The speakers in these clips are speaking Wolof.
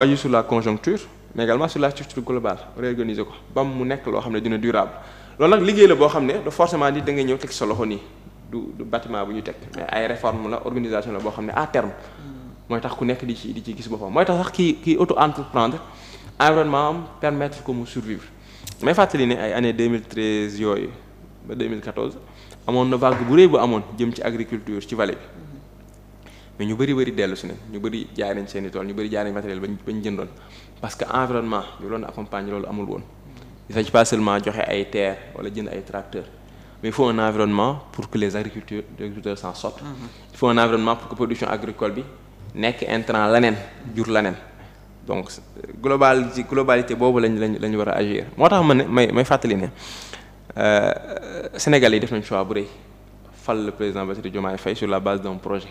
aju sur la conjoncture mais également sur la structure globale réorganiser ko ba mu nekk loo xam ne dina durable loolu nag liggéey la boo xam ne da forcément di da ngay ñëw teg sa loxo nii du du bâtiment bu ñu teg mais ay réforme la organisation la boo xam ne à terme mooy tax ku nekk di ci di ci gis boppam mooy tax sax kii kii auto entreprendre environnement am permettre ko mu survivre mais fàttali ne ay année 2013 yooyu ba 2014 amoon na vague bu rëy bu amoon jëm ci agriculture ci vallée mais ñu bëri bëri dellu si nañ ñu bëri jaay nañ seen i ñu bëri jaay nañ matériel bañ bañ jëndoon parce que environnement bi loolu accompagne loolu amul joxe ay terre wala jënd ay mais il faut pour que les agriculteurs les agriculteurs s'en sortent mhm. il faut bi nekk intrant laneen jur laneen donc global ci globalité boobu lañ lañ la war a agir moo tax ma ne may may fàttali ne euh, Sénégal yi def nañ choix bu rëy fal le président Bassirou Diomaye Faye sur la base d'un projet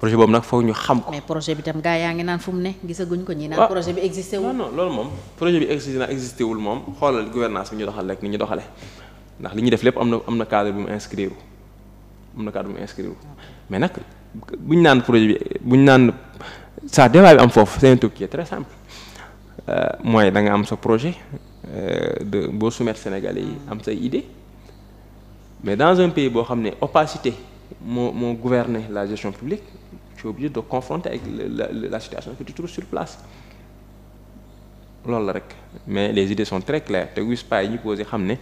projet boobu nag foog ñu xam ko. mais projet bi tam gaa yaa ngi naan fu mu ne guñ ko ñi naan ah. projet bi existé wul. loolu moom projet bi existé na wul moom xoolal gouvernance bi ñu doxal rek ni ñu doxale ndax li ñuy def lépp am na am na cadre bu mu inscrire am na cadre bu mu inscrire mais nag bu naan projet bi bu ñu naan sa débat bi am foofu c'est un truc qui est très simple euh, mooy da nga am sa projet euh, de boo soumettre Sénégalais yi am sa idée mais dans un pays boo xam ne opacité. moo moo gouverner la gestion publique tu es obligé de confronter avec la, situation que tu sur place loolu la rek mais les idées sont très claires te WISPA yi ñu posé xam ne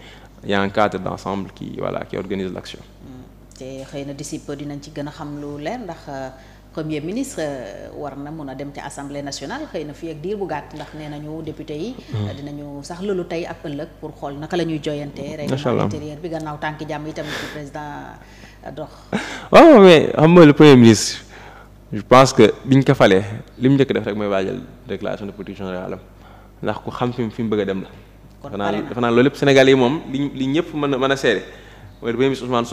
y a un cadre d'ensemble qui voilà qui organise l'action. Mm. te xëy na d'ici dinañ ci gën a xam lu leer ndax. Euh, premier ministre euh, war na mun a dem ca assemblée nationale xëy na fii ak diir bu gàtt ndax nee nañu député yi. Hmm. dinañu sax lolu tey ak ëllëg pour xool naka la ñuy joyantee. règlement intérieur bi gannaaw tànki jàmm yi tamit ci président euh, dox. waaw mais xam nga le premier ministre je pense que biñ ko falee li mu njëkk def rek mooy waajal déclaration de politique générale am ndax ku xam fi mu fi mu bëgg a dem la. kon pare naa loolu lépp Sénégal yi moom li li ñëpp mën a mën a seere mooy le premier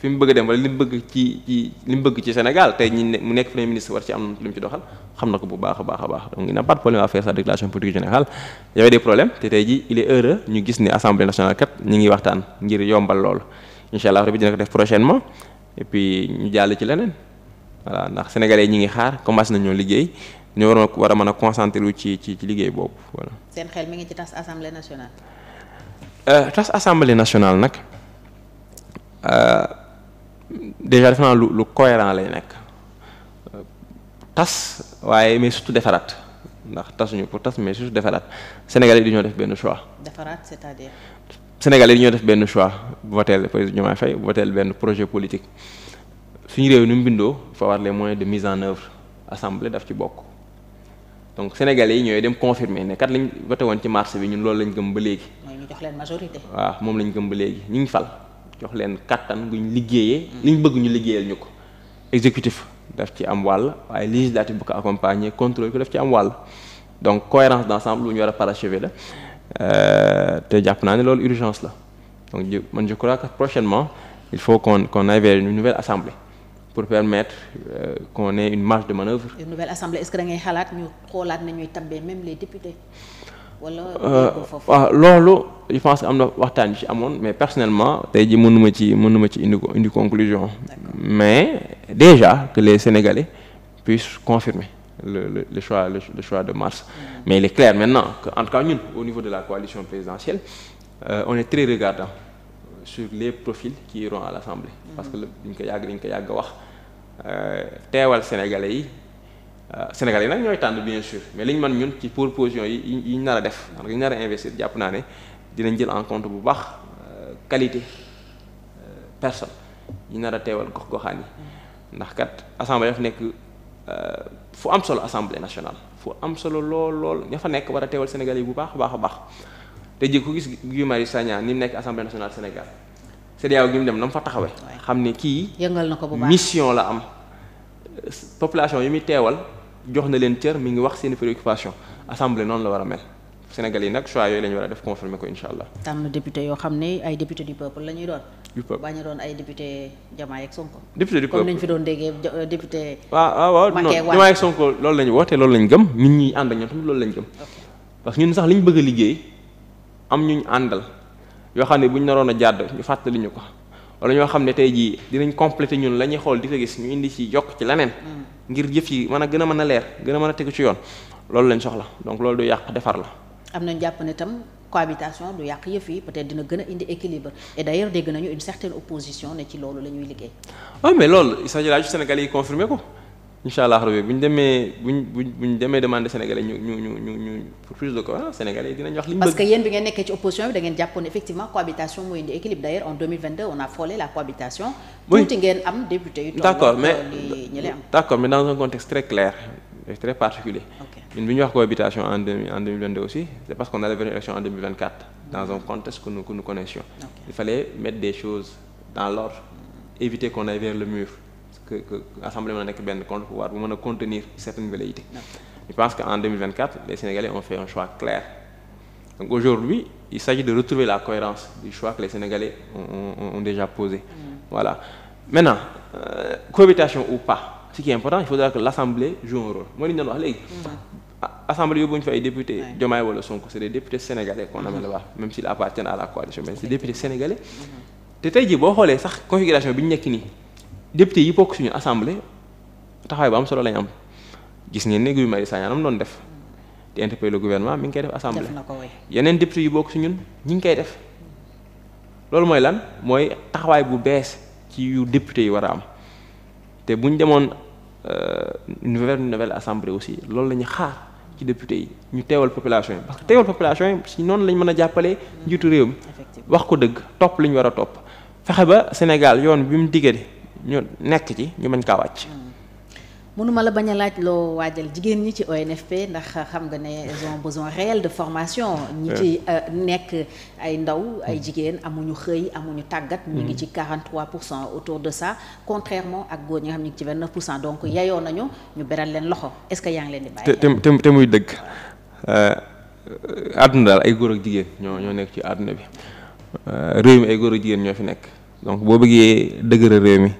fi mu bëgg a dem wala li mu bëgg ci li mu bëgg ci Sénégal tey ñi mu nekk premier ministre war ci am lu mu xam na ko bu baax a baax a baax donc il n'a pas de problème à faire sa déclaration politique générale y avait des problèmes te tey ji il est ñu gis ni assemblée nationale kat ñu ngi waxtaan ngir yombal loolu incha allah rabbi dina ko def prochainement et ci leneen voilà ndax sénégalais ñi ngi xaar commencé nañoo liggéey ñu war a mën a concentré wu ci ci ci liggéey boobu voilà. seen xel mi ngi ci tas assemblée nationale. Euh, nag. Euh, déjà defe lu lu cohérent lay nekk tas waaye mais surtout defaraat ndax tasuñu pour tas mais surtout defaraat Sénégal yi ñoo def benn choix. defaraat c'est-à-dire. Sénégal yi dañoo def benn choix voté le président Diomaye Faye benn projet politique suñu réew ni mu bindoo faut avoir les moyens de mise en œuvre assemblée daf ci bokk donc sénégal yi ñooy dem confirmer ne kat lañ voté woon ci mars bi ñun loolu lañ gëm ba léegi. mooy moom lañ gëm ba léegi ñu ngi fal. jox leen kàttan ñu liggéeyee liñ bëgg ñu liggéeyal ñu ko exécutif daf ci am wàll waaye législatif bu ko accompagner contrôle ko daf ci am wàll donc cohérence d'ensemble lu ñu war a parachever la euh, te jàpp naa ne loolu urgence la donc man je crois que prochainement il faut qu'on qu'on aille vers une nouvelle assemblée pour permettre euh, qu'on ait une marge de manœuvre. nouvelle assemblée est-ce que da ngay xalaat ñu xoolaat nañuy tabbee même les députés. Euh, waaw loolu je pense que am na waxtaan yu amoon mais personnellement tey ji mënuma ci mënuma ci indi indi conclusion mais déjà que les Sénégalais puissent confirmer le le le choix le, de Mars mm. mais il est clair maintenant que en tout cas ñun au niveau de la coalition présidentielle euh, on est très regardant sur les profils qui iront à l'Assemblée mm. parce que dañ ko yàgg dañ ko yàgg a wax euh, teewal sénégalais yi Euh, Sénégalais nag ñooy tànn bien sûr mais liñ mën ñun ci proposition yi yi ñu nar a def maanaam yi ñu nar a investir jàpp naa ne dinañ jël en compte bu baax euh, qualité euh, personne yi nar a teewal gox-goxaan yi ndax kat assemblée dafa nekk fu am solo assemblée nationale fu am solo lool lool ña fa nekk war a teewal Sénégalais yi bu baax a baax a baax te ji ko gis Guy Marius Sagna ni nekk assemblée nationale Sénégal CEDEAO gi mu dem na mu fa taxawe xam ne kii. yëngal na ko mission la am. population yi muy teewal jox na leen cër mi ngi wax seeni préoccupation assemblée noonu la war a mel Sénégal yi nag choix yooyu la war a def confirmer ko incha allah. député yoo xam ne ay député du doon. du peuple ay député Diomaye ak Sonko. député du peuple comme ni ñu fi doon déggee euh, député. waaw ah, ah, waaw non Diomaye ak Sonko loolu la ñu woote loolu la ñu gëm nit ñi ànd ak tamit loolu lañ ñu gëm. parce que ñun sax li ñu bëgg a liggéey am ñu ñu àndal yoo xam ne bu ñu naroon a jàdd ñu fàttali ñu ko wala ñoo xam ne tey jii dinañ complété ñun la ñuy xool di ko gis ñu indi ci yokk ci leneen. Mm. ngir jëf yi mën a gën a mën a leer gën a mën a tegu ci yoon loolu lañ soxla donc loolu du yàq defar la. am nañ jàpp ne tam cohabitation du yàq yëf yi peut-être dina gën a indi équilibre et d'ailleurs dégg nañu une certaine opposition ne ci loolu la ñuy liggéey. ah mais loolu il s'agit là juste yi confirmer ko. incha allah rabi bu ñu demee bu ñu ñu demee demande sénégalais ñu ñu ñu ñu ñu pour plus de quoi sénégalais dinañ wax li bëgg. parce que yéen bi ngeen nekkee ci opposition bi da jàppoon effectivement cohabitation mooy indi équilibre d' en on a frôlé la cohabitation. oui tuuti ngeen am député yu. d' accord mais d' accord mais dans un contexte très clair et très particulier. ok ñu wax cohabitation en deux en 2022 aussi c' est parce qu'on allait vers une élection en dans un contexte que nous que nous connaissions. il fallait mettre des que que assemblée mën a nekk benn contre pouvoir bu contenir certaines velléités je pense que en 2024 les Sénégalais ont fait un choix clair donc aujourd'hui il s'agit de retrouver la cohérence du choix que les Sénégalais ont, ont, ont déjà posé mm. voilà maintenant euh, cohabitation ou pas ce qui est important il faudra que l'assemblée joue un rôle mooy li ñu doon wax léegi mm. assemblée yóbbuñu fi ay député Diomaye wala Sonko c'est des députés sénégalais qu'on amène mm-hmm. là la coalition mais c'est député yi bokk suñu assemblée taxawaay bu am solo lañ am gis ngeen ne Guy Marius Sagna am doon def di interpeller le gouvernement mi ngi koy def assemblée yeneen député yu bokk suñun ñu ngi koy def loolu mooy lan mooy taxawaay bu bees ci yu député yi war a am te bu ñu demoon vers euh, une nouvelle assemblée aussi loolu la ñu xaar ci député yi ñu teewal population yi parce que teewal population yi si noonu lañ mën a jàppale njiitu réew mi wax ko dëgg topp li ñu war a topp fexe ba Sénégal yoon bi mu diggante ñu nekk ci ñu mën kaa wàcc. Mm. mënuma la bañ a laaj loo waajal jigéen ñi ci ONFP ndax xam nga ne ils ont besoin réel de formation. ñi ci euh, nekk ay ndaw ay mm. jigéen amu ñu xëy amuñu tàggat. ñu ngi mm. ci 43 pour cent autour de ça contrairement ak góor ñi xam ñu ngi ci 29 pour cent donc yayoo nañu ñu beral leen loxo est-ce que yaa ngi leen di bàyyi. te te muy dëgg euh, àdduna daal ay góor ak jigéen ñoo ñoo nekk ci àdduna bi euh, réew mi ay góor ak jigéen ñoo fi nekk. donc boo bëggee dëgëral réew mi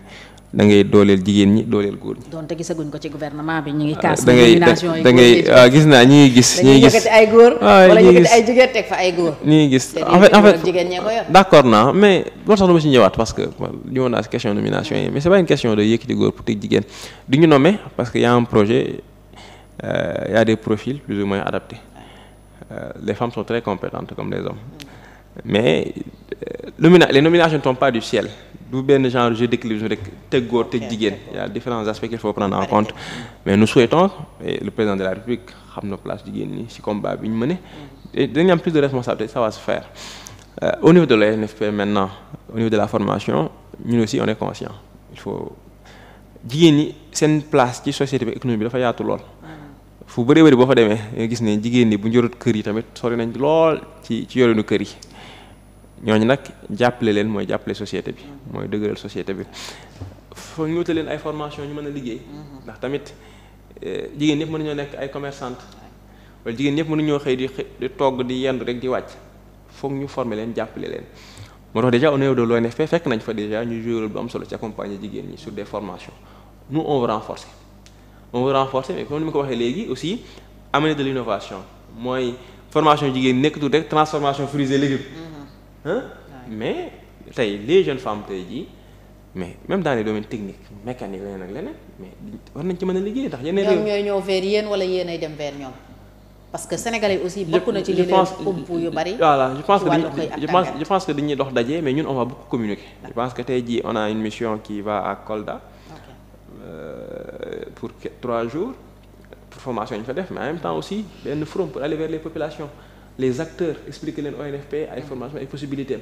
da ngay dooleel jigéen ñi dooleel góor ñi. donte gisaguñ ko ci gouvernement bi ñu ngi kaas. Ah, dangay yi da ngay ah, gis naa ñi gis. ñi ah, gis ay góor. wala teg ay góor. ñi gis en fait en d'accord naa mais loolu sax dama ci parce que li ma naan question nomination yi mais c'est pas une question de yëkkati góor pour teg jigéen du ñu nommer parce que y a projet euh, y a des profils plus ou moins adaptés euh, les femmes sont très compétentes comme les hommes mm. mais nomina les nominations ne tombent pas du ciel du benn genre jeu d'équilibre rek teg góor teg jigéen il différents aspects qu'il faut prendre en compte mais nous souhaitons et le président de la République xam na place jigéen ñi ci combat bi ñu mëne mm. et dinañ am plus de responsabilité ça va se faire euh, au niveau de l'ANFP maintenant au niveau de aussi on est conscient il faut jigéen ñi seen place ci société bi économie bi dafa yaatu lool mm. fu bëree bëri boo fa demee nga gis ne jigéen ñi bu njërut kër yi tamit sori nañ lool ci ci yorinu kër yi ñooñu nag jàppale leen mooy jàppale société bi mooy dëgëral société bi foo ñu wutale leen ay formation ñu mën a liggéey mhm. ndax tamit eh, jigéen mën nañoo nekk ay commerçante wala jigéen ñëpp mënuñoo xëy di di togg di yendu rek di wàcc foog ñu forme leen jàppale leen moo tax déjà au niveau de l'ONFP fekk nañ fa déjà ñu joué bu am solo ci accompagner jigéen ñi sur des formation nous on veut renforcer on veut renforcer mais comme ni mu ko waxee léegi aussi amener de l'innovation mooy formation jigéen nekkatul rek transformation fruits et légumes mais tey les jeune fem tey jii mais même dans les domaines techniques mécaniques leneen ak leneen mais war nañ ci mën a liggéey ndax yeneen ñoom ñooy ñëw vers yéen wala yéenay dem vers ñoom parce que sénégalais aussi bokk na ci li leen ëpp bari voilà je que je que dañuy dox daje mais ñun on que tey jii on a une mission qui va à Kolda euh, pour trois jours pour ñu fa def mais temps aussi benn forum pour vers les populations les acteurs expliquer leen ONFP ay mm. formation ay possibilités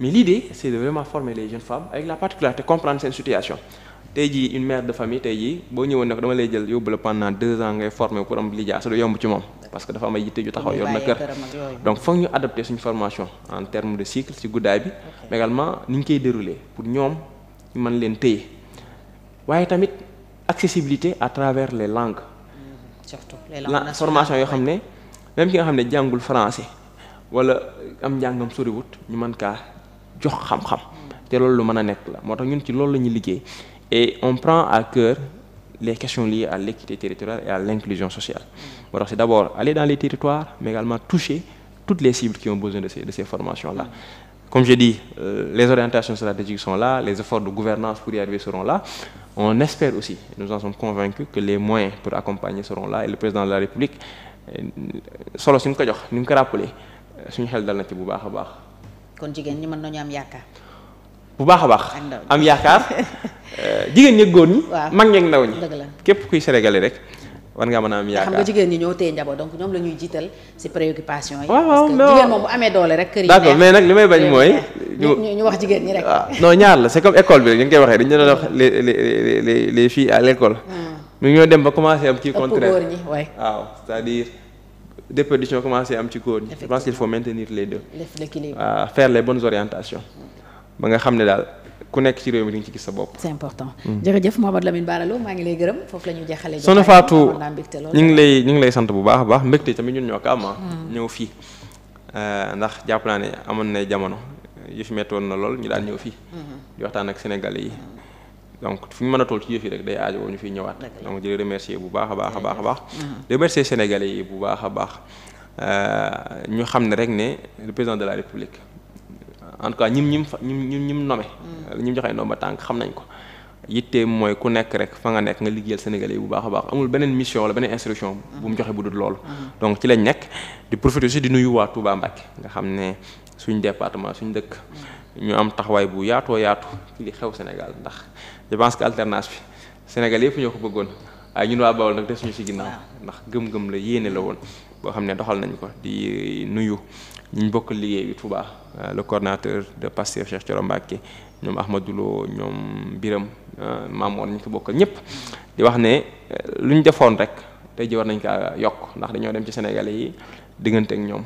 mais l'idée c'est de vraiment former les jeunes femmes avec la particularité comprendre seen situation tey jii une mère de famille tey jii boo ñëwoon ne ko dama lay jël yóbbu la pendant deux ans ngay former pour am lijaasa sa du yomb ci moom parce que dafa am ay yitte ju taxaw yor na kër donc foog ñu adapter suñu formation en terme de cycle ci guddaay bi mais ni ñu koy dérouler pour ñoom ñu leen téye waaye tamit accessibilité à travers les langues. Mm, surtout les yoo xam ne. même ki nga xam ne jàngul français wala am njàngam soriwut ñu man kaa jox xam-xam te loolu lu mën a nekk la moo tax ñun ci loolu la ñuy liggéey et on prend à cœur les questions liées à l'équité territoriale et à l'inclusion sociale moo tax c'est d'abord aller dans les territoires mais également toucher toutes les cibles qui ont besoin de ces de ces formations là comme je dis euh, les orientations stratégiques sont là les efforts de gouvernance pour y arriver seront là président de la solo si mu ko jox ni mu ko rappelé suñu xel dal na ci bu baax a baax. kon jigéen ñi mën nañu am yaakaar. bu baax a baax. am yaakaar jigéen ñi góor ñi. waaw mag ñeeg ndaw ñi. képp kuy sénégalais rek. war ngaa man a am yaakaar xam jigéen ñi ñoo téye njaboot donc ñoom la ñuy jiital ci préoccupation yi. waaw parce que moom bu amee doole rek. kër yi d'accord nag li may bañ mooy. ñu ñu wax jigéen ñi rek. Ah, non ñaar la c'est comme école bi rek ngi koy waxee dañu doon wax les les les les fii à l'école. Hmm. mais ñoo dem ba commencé am ci contraire waaw c'est-à-dire déperdition commencé am ci góor ñi je pense qu'il faut maintenir les deux waaw euh, ba nga xam ne daal ku nekk ci réew mi di nga ci gis sa bopp c'est important hmm. jërëjëf Mouhamadou Lamine Bara Lo maa ngi lay gërëm foofu la ñuy jeexalee Soxna Fatou ñu ngi lay ñu ngi lay sant bu baax a baax mbégte tamit ñun ñoo ko am ah. hmm. ñëw fii euh, ndax jàpp naa ne amoon na jamono yëf metti woon na lool ñu daal ñëw fi hmm. di waxtaan ak sénégalais yi donc fi ñu mën a toll ci yëf yi rek day aajo woo ñu fiy ñëwaat donc di remercier bu baax a baax a baax a baax mmh. remercier sénégalais yi bu baax a baax euh, ñu xam ne rek ne le président de la république en tout cas ñim ñim fa ñim ñim ñim nome mmh. ñim joxee ndomba tànk xam nañ ko yitte mooy ku nekk rek fa nga nekk nga liggéeyal sénégalais yi bu baax a baax amul beneen mission wala beneen instruction bu mu mmh. joxe bu dul loolu donc ci lañ nekk di profiter aussi di nuyu waa Touba Mbacké nga xam ne suñ département suñ dëkk ñu am taxawaay bu yaatoo yaatu ci li xew Sénégal ndax je pense que alternance bi Sénégal yëpp ñoo ko bëggoon waaye ñun waa Bawol nag des suñu si ginnaaw ndax gëm-gëm la yéene la woon boo xam ne doxal nañu ko di nuyu ñu bokk liggéey bi Touba euh, le coordonnateur de Pastef Cheikh Thioro Mbacké ñoom Ahmadou Lo ñoom Biram euh, Mamour nañ ko bokkal ñëpp di wax ne euh, lu ñu defoon rek tey ji nañ kaa yokk ndax dañoo dem ci sénégal yi diggante ak ñoom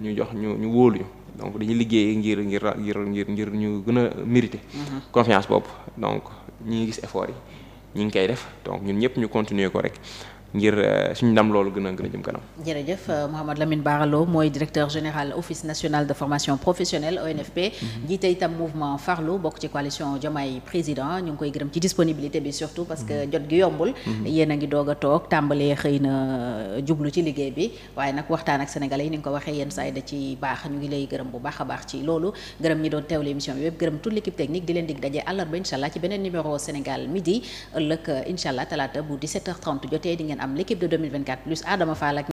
ñu jox ñu ñu wóolu donc dañuy liggéey ngir ngir ngir ngir ngir ñu gën a mérité. Mhm. confiance boobu donc ñi ngi gis effort yi ñi ngi koy def donc ñun ñëpp ñu continuer ko rek. ngir euh, suñu ndam loolu gën a gën a jëm kanam. jërëjëf euh, Mouhamed Lamine Baralo mooy directeur général office national de formation professionnelle ONFP. Mhm. jiite itam mouvement Farlu bokk ci coalition Diomaye président ñu ngi koy gërëm ci disponibilité bi surtout parce que mhm. jot gi yombul. Mhm. yéen a ngi doog a na euh, jublu ci liggéey bi waaye nag waxtaan ak sénégalais yi ni nga ko waxee yenn saa ci baax ñu ngi lay gërëm bu baax a baax ci loolu gërëm ñi doon teewlu émission bi yëpp gërëm toute l'équipe technique di leen dig daje àllarba incha allah ci beneen numéro Sénégal midi ëllëg incha ngeen am l' équipe de 2024 plus Adama Fall ak